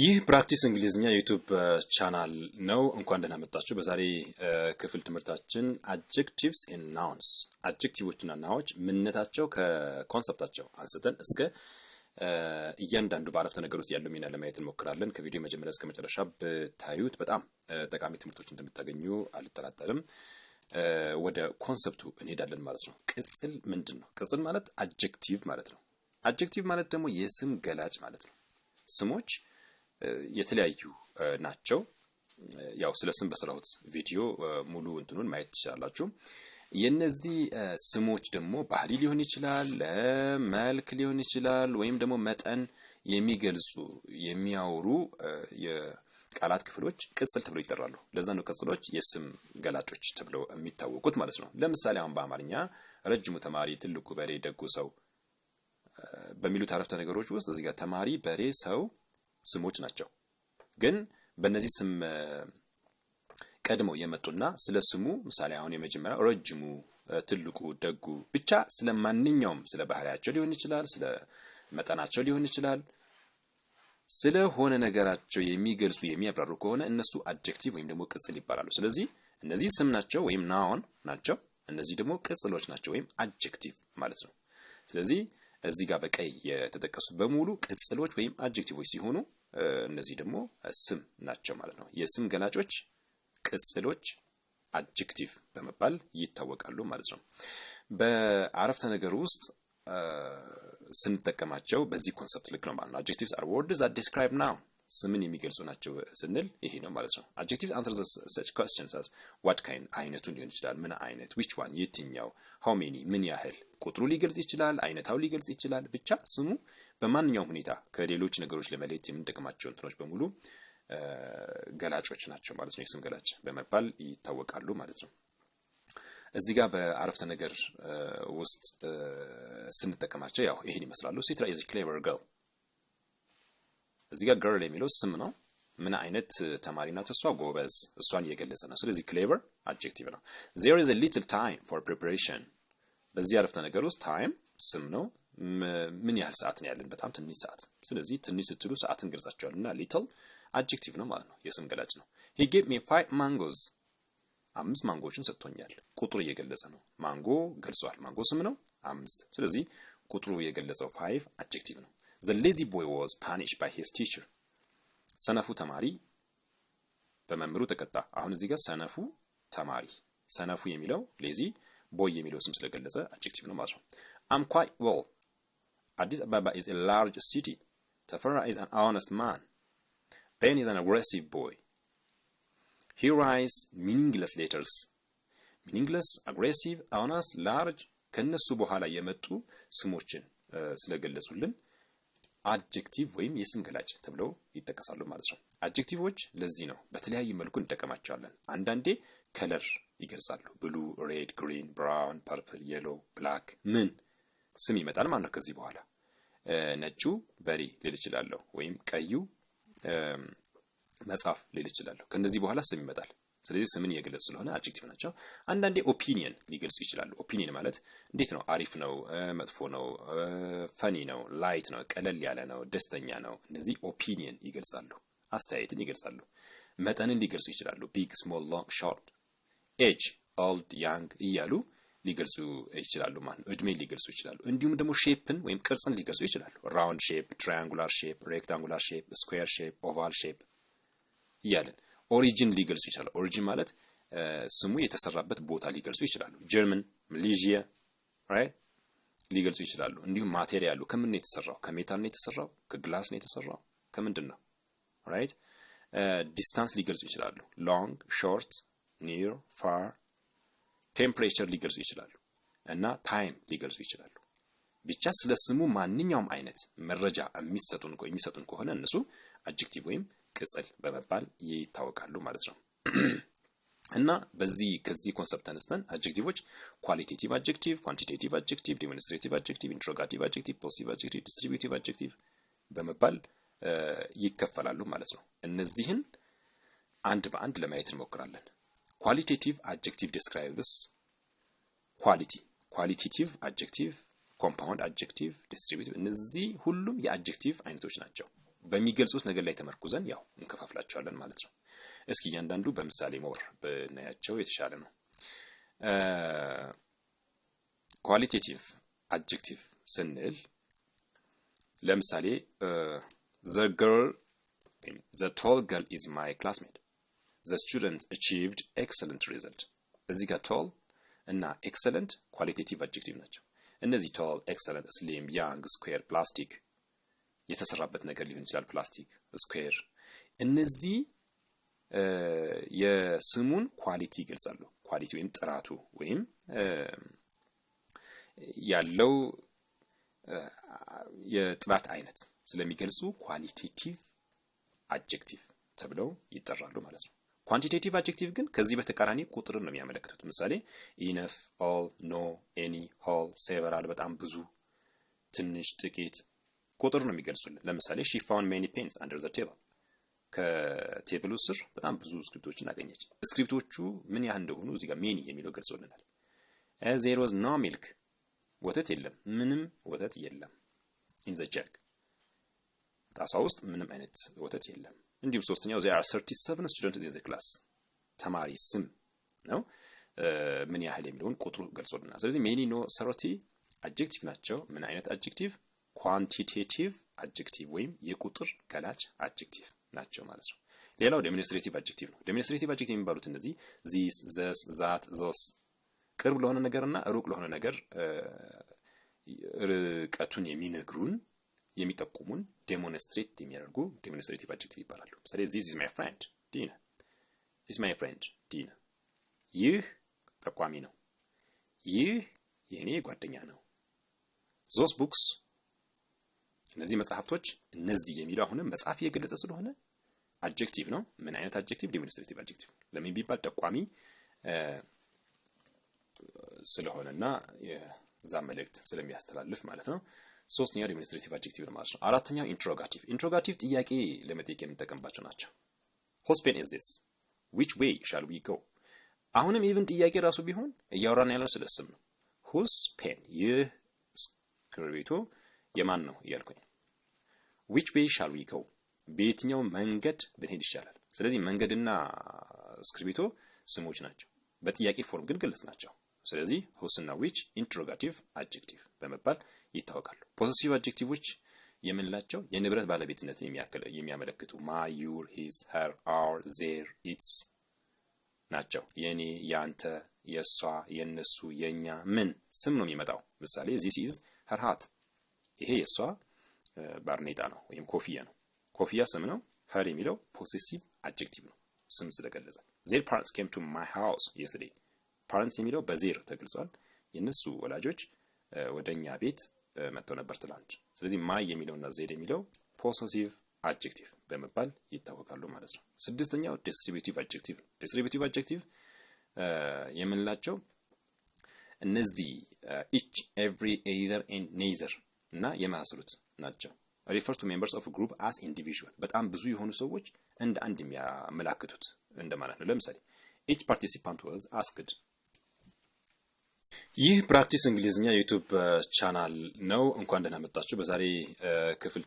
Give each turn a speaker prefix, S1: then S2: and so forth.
S1: ይህ ፕራክቲስ እንግሊዝኛ ዩቱብ ቻናል ነው። እንኳን ደህና መጣችሁ። በዛሬ ክፍል ትምህርታችን አጀክቲቭስ ኤንድ ናውንስ፣ አጀክቲቮችና ናዎች ምንነታቸው ከኮንሰፕታቸው አንስተን እስከ እያንዳንዱ በአረፍተ ነገር ውስጥ ያለው ሚና ለማየት እንሞክራለን። ከቪዲዮ መጀመሪያ እስከ መጨረሻ ብታዩት በጣም ጠቃሚ ትምህርቶች እንደምታገኙ አልጠራጠርም። ወደ ኮንሰፕቱ እንሄዳለን ማለት ነው። ቅጽል ምንድን ነው? ቅጽል ማለት አጀክቲቭ ማለት ነው። አጀክቲቭ ማለት ደግሞ የስም ገላጭ ማለት ነው። ስሞች የተለያዩ ናቸው። ያው ስለ ስም በሰራሁት ቪዲዮ ሙሉ እንትኑን ማየት ትችላላችሁ። የነዚህ ስሞች ደግሞ ባህሪ ሊሆን ይችላል፣ መልክ ሊሆን ይችላል፣ ወይም ደግሞ መጠን የሚገልጹ የሚያወሩ የቃላት ክፍሎች ቅጽል ተብለው ይጠራሉ። ለዛ ነው ቅጽሎች የስም ገላጮች ተብለው የሚታወቁት ማለት ነው። ለምሳሌ አሁን በአማርኛ ረጅሙ ተማሪ፣ ትልቁ በሬ፣ ደጉ ሰው በሚሉት አረፍተ ነገሮች ውስጥ እዚህ ጋር ተማሪ፣ በሬ፣ ሰው ስሞች ናቸው። ግን በእነዚህ ስም ቀድመው የመጡና ስለ ስሙ ምሳሌ አሁን የመጀመሪያው ረጅሙ፣ ትልቁ፣ ደጉ ብቻ ስለ ማንኛውም ስለ ባህሪያቸው ሊሆን ይችላል፣ ስለ መጠናቸው ሊሆን ይችላል፣ ስለ ሆነ ነገራቸው የሚገልጹ የሚያብራሩ ከሆነ እነሱ አድጀክቲቭ ወይም ደግሞ ቅጽል ይባላሉ። ስለዚህ እነዚህ ስም ናቸው ወይም ናውን ናቸው። እነዚህ ደግሞ ቅጽሎች ናቸው ወይም አድጀክቲቭ ማለት ነው። ስለዚህ እዚህ ጋር በቀይ የተጠቀሱት በሙሉ ቅጽሎች ወይም አድጀክቲቮች ሲሆኑ እነዚህ ደግሞ ስም ናቸው ማለት ነው። የስም ገላጮች ቅጽሎች አድጀክቲቭ በመባል ይታወቃሉ ማለት ነው። በአረፍተ ነገር ውስጥ ስንጠቀማቸው በዚህ ኮንሰፕት ልክ ነው ማለት ነው። አድጀክቲቭስ አር ወርድስ ዛት ዲስክራይብ ናውን ስምን የሚገልጹ ናቸው ስንል ይሄ ነው ማለት ነው። አድጀክቲቭ አንሰር ሰች ኳስቸንስ አስ ዋት ካይን አይነቱ ሊሆን ይችላል። ምን አይነት፣ ዊች ዋን የትኛው፣ ሃው ሜኒ ምን ያህል፣ ቁጥሩ ሊገልጽ ይችላል፣ አይነታው ሊገልጽ ይችላል። ብቻ ስሙ በማንኛውም ሁኔታ ከሌሎች ነገሮች ለመለየት የምንጠቅማቸው እንትኖች በሙሉ ገላጮች ናቸው ማለት ነው። የስም ገላጭ በመባል ይታወቃሉ ማለት ነው። እዚህ ጋር በአረፍተ ነገር ውስጥ ስንጠቀማቸው ያው ይሄን ይመስላሉ። ሲትራ ኢዝ ክሌቨር ገርል እዚህ ጋር ገርል የሚለው ስም ነው። ምን አይነት ተማሪ ናት እሷ? ጎበዝ። እሷን እየገለጸ ነው። ስለዚህ ክሌቨር አጀክቲቭ ነው። ዜር ኢዝ ሊትል ታይም ፎር ፕሪፓሬሽን። በዚህ አረፍተ ነገር ውስጥ ታይም ስም ነው። ምን ያህል ሰዓት ነው ያለን? በጣም ትንሽ ሰዓት። ስለዚህ ትንሽ ስትሉ ሰዓትን ገልጻቸዋል እና ሊትል አድጀክቲቭ ነው ማለት ነው፣ የስም ገላጭ ነው። ሂ ጌቭ ሚ ፋይቭ ማንጎዝ፣ አምስት ማንጎዎችን ሰጥቶኛል። ቁጥሩ እየገለጸ ነው። ማንጎ ገልጿል። ማንጎ ስም ነው። አምስት። ስለዚህ ቁጥሩ የገለጸው ፋይቭ አድጀክቲቭ ነው። The lazy boy was punished by his teacher. ሰነፉ ተማሪ በመምህሩ ተቀጣ። አሁን እዚህ ጋር ሰነፉ ተማሪ ሰነፉ የሚለው ሌዚ ቦይ የሚለው ስም ስለገለጸ አድጀክቲቭ ነው ማለት ነው። I'm quite well. Addis Ababa is a large city. Tafara is an honest man. Ben is an aggressive boy. He writes meaningless letters. meaningless, aggressive, honest, large ከነሱ በኋላ የመጡ ስሞችን ስለገለጹልን አድጀክቲቭ ወይም የስም ገላጭ ተብለው ይጠቀሳሉ ማለት ነው። አድጀክቲቮች ለዚህ ነው በተለያየ መልኩ እንጠቀማቸዋለን። አንዳንዴ ከለር ይገልጻሉ። ብሉ፣ ሬድ፣ ግሪን፣ ብራውን፣ ፐርፕል፣ የሎ፣ ብላክ ምን ስም ይመጣል ማለት ነው። ከዚህ በኋላ ነጩ በሪ ልል እችላለሁ፣ ወይም ቀዩ መጽሐፍ ልል እችላለሁ። ከእነዚህ በኋላ ስም ይመጣል። ስለዚህ ስምን የገለጹ ስለሆነ አድጀክቲቭ ናቸው። አንዳንዴ ኦፒኒየን ሊገልጹ ይችላሉ። ኦፒኒየን ማለት እንዴት ነው? አሪፍ ነው፣ መጥፎ ነው፣ ፈኒ ነው፣ ላይት ነው፣ ቀለል ያለ ነው፣ ደስተኛ ነው። እነዚህ ኦፒኒየን ይገልጻሉ፣ አስተያየትን ይገልጻሉ። መጠንን ሊገልጹ ይችላሉ። ቢግ፣ ስሞል፣ ሎንግ፣ ሾርት፣ ኤጅ፣ ኦልድ፣ ያንግ እያሉ ሊገልጹ ይችላሉ ማለት ነው። ሊገልጹ ይችላሉ። እንዲሁም ደግሞ ሼፕን ወይም ቅርጽን ሊገልጹ ይችላሉ። ራውንድ ሼፕ፣ ትራያንጉላር ሼፕ፣ ሬክታንጉላር ሼፕ፣ ስኩዌር ሼፕ፣ ኦቫል ሼፕ እያለን ኦሪጂን ሊገልጹ ይችላሉ። ኦሪጂን ማለት ስሙ የተሰራበት ቦታ ሊገልጹ ይችላሉ። ጀርመን፣ ማሌዥያ ራይት ሊገልጹ ይችላሉ። እንዲሁም ማቴሪያሉ ከምን ነው የተሰራው? ከሜታል ነው የተሰራው? ከግላስ ነው የተሰራው? ከምንድን ነው? ራይት ዲስታንስ ሊገልጹ ይችላሉ። ሎንግ፣ ሾርት፣ ኒር፣ ፋር። ቴምፕሬቸር ሊገልጹ ይችላሉ እና ታይም ሊገልጹ ይችላሉ። ብቻ ስለ ስሙ ማንኛውም አይነት መረጃ የሚሰጡን የሚሰጡን ከሆነ እነሱ አድጀክቲቭ ወይም ቅጽል በመባል ይታወቃሉ ማለት ነው። እና በዚህ ከዚህ ኮንሰፕት ተነስተን አጀክቲቮች ኳሊቴቲቭ አጀክቲቭ፣ ኳንቲቴቲቭ አጀክቲቭ፣ ዲሚኒስትሬቲቭ አጀክቲቭ፣ ኢንትሮጋቲቭ አጀክቲቭ፣ ፖሲቲቭ አጀክቲቭ፣ ዲስትሪቢዩቲቭ አጀክቲቭ በመባል ይከፈላሉ ማለት ነው። እነዚህን አንድ በአንድ ለማየት እንሞክራለን። ኳሊቴቲቭ አጀክቲቭ ዲስክራይብስ ኳሊቲ፣ ኳሊቴቲቭ አጀክቲቭ፣ ኮምፓውንድ አጀክቲቭ፣ ዲስትሪቢዩቲቭ እነዚህ ሁሉም የአጀክቲቭ አይነቶች ናቸው። በሚገልጹት ነገር ላይ ተመርኩዘን ያው እንከፋፍላቸዋለን ማለት ነው። እስኪ እያንዳንዱ በምሳሌ ሞር ብናያቸው የተሻለ ነው። ኳሊቴቲቭ አጀክቲቭ ስንል ለምሳሌ ዘ ገርል ዘ ቶል ገርል ኢዝ ማይ ክላስሜት ዘ ስቱደንት አቺቭድ ኤክሰለንት ሪዘልት። እዚህ ጋር ቶል እና ኤክሰለንት ኳሊቴቲቭ አጀክቲቭ ናቸው። እነዚህ ቶል፣ ኤክሰለንት፣ ስሊም፣ ያንግ፣ ስኩዌር፣ ፕላስቲክ የተሰራበት ነገር ሊሆን ይችላል። ፕላስቲክ ስኩዌር፣ እነዚህ የስሙን ኳሊቲ ይገልጻሉ። ኳሊቲ ወይም ጥራቱ ወይም ያለው የጥራት አይነት ስለሚገልጹ ኳሊቴቲቭ አጀክቲቭ ተብለው ይጠራሉ ማለት ነው። ኳንቲቴቲቭ አጀክቲቭ ግን ከዚህ በተቃራኒ ቁጥርን ነው የሚያመለክቱት። ምሳሌ ኢነፍ፣ ኦል፣ ኖ፣ ኤኒ፣ ሆል፣ ሴቨራል በጣም ብዙ፣ ትንሽ፣ ጥቂት፣ ቁጥር ነው የሚገልጹልን። ለምሳሌ ሺ ፋውንድ ሜኒ ፔንስ አንደር ዘ ቴብል፣ ከቴብሉ ስር በጣም ብዙ እስክሪፕቶችን አገኘች። እስክሪፕቶቹ ምን ያህል እንደሆኑ እዚህ ጋር ሜኒ የሚለው ገልጾልናል። ዜር ዋዝ ኖ ሚልክ፣ ወተት የለም፣ ምንም ወተት የለም። ኢን ዘ ጀግ፣ ጣሳ ውስጥ ምንም አይነት ወተት የለም። እንዲሁም ሶስተኛው ዜር አር 37 ስቱደንት ኢን ዘ ክላስ፣ ተማሪ ስም ነው ምን ያህል የሚለውን ቁጥሩ ገልጾልናል። ስለዚህ ሜኒ ኖ ሰሮቲ አጀክቲቭ ናቸው። ምን አይነት አጀክቲቭ ኳንቲቴቲቭ አጀክቲቭ ወይም የቁጥር ገላጭ አጀክቲቭ ናቸው ማለት ነው። ሌላው ዴሚኒስትሬቲቭ አጀክቲቭ ነው። ዴሚኒስትሬቲቭ አጀክቲቭ የሚባሉት እነዚህ ዚስ፣ ዘስ፣ ዛት፣ ዞስ ቅርብ ለሆነ ነገርና ሩቅ ለሆነ ነገር ርቀቱን የሚነግሩን የሚጠቁሙን ዴሞንስትሬት የሚያደርጉ ዴሞንስትሬቲቭ አጀክቲቭ ይባላሉ። ምሳሌ ዚስ ኢዝ ማይ ፍሬንድ ዲና፣ ዚስ ማይ ፍሬንድ ዲና። ይህ ጠቋሚ ነው። ይህ የኔ ጓደኛ ነው። ዞስ ቡክስ እነዚህ መጽሐፍቶች እነዚህ የሚለው አሁንም መጽሐፍ እየገለጸ ስለሆነ አጀክቲቭ ነው። ምን አይነት አጀክቲቭ? ዲሚኒስትሬቲቭ አጀክቲቭ። ለምን ቢባል ጠቋሚ ስለሆነና የዛ መልእክት ስለሚያስተላልፍ ማለት ነው። ሶስተኛው ዲሚኒስትሬቲቭ አጀክቲቭ ነው ማለት ነው። አራተኛው ኢንትሮጋቲቭ። ኢንትሮጋቲቭ ጥያቄ ለመጠየቅ የምንጠቀምባቸው ናቸው። ሆስፔን ኢዝ ዚስ ዊች ዌይ ሻል ዊ ጎ። አሁንም ኢቭን ጥያቄ ራሱ ቢሆን እያወራን ያለው ስለ ስም ነው። ሁስ ፔን ይህ እስክሪብቶ የማን ነው እያልኩኝ ዊች ዌይ ሻል ዊ ጎ፣ በየትኛው መንገድ ብንሄድ ይሻላል። ስለዚህ መንገድና እስክርቢቶ ስሞች ናቸው። በጥያቄ ፎርም ግን ግልጽ ናቸው። ስለዚህ ሁስና ዊች ኢንትሮጋቲቭ አድጀክቲቭ በመባል ይታወቃሉ። ፖሰሲቭ አጀክቲቮች የምንላቸው የንብረት ባለቤትነትን የሚያመለክቱ ማይ፣ ዩር፣ ሂዝ፣ ሄር፣ አር፣ ዜር፣ ኢትስ ናቸው። የኔ፣ የአንተ፣ የእሷ፣ የእነሱ፣ የእኛ ምን ስም ነው የሚመጣው። ምሳሌ ዚስ ኢዝ ሄር ሃት ይሄ የእሷ ባርኔጣ ነው ወይም ኮፍያ ነው። ኮፍያ ስም ነው። ሄር የሚለው ፖሴሲቭ አጀክቲቭ ነው፣ ስም ስለገለጸ። ዜር ፓረንትስ ኬም ቱ ማይ ሃውስ የስተዴይ። ፓረንትስ የሚለው በዜር ተገልጿል። የእነሱ ወላጆች ወደ እኛ ቤት መጥተው ነበር ትላንት። ስለዚህ ማይ የሚለውና ዜር የሚለው ፖሴሲቭ አጀክቲቭ በመባል ይታወቃሉ ማለት ነው። ስድስተኛው ዲስትሪቢቲቭ አጀክቲቭ ነው። ዲስትሪቢቲቭ አጀክቲቭ የምንላቸው እነዚህ ኢች ኤቭሪ ኤይዘር ኤንድ ኔዘር እና የማያስሉት ናቸው። ሪፈር ቱ ሜምበርስ ኦፍ ግሩፕ አስ ኢንዲቪዥዋል በጣም ብዙ የሆኑ ሰዎች እንደ አንድ የሚያመላክቱት እንደማለት ነው። ለምሳሌ ኢች ፓርቲሲፓንት ወዝ አስክድ። ይህ ፕራክቲስ እንግሊዝኛ ዩቱብ ቻናል ነው። እንኳን ደህና መጣችሁ። በዛሬ ክፍል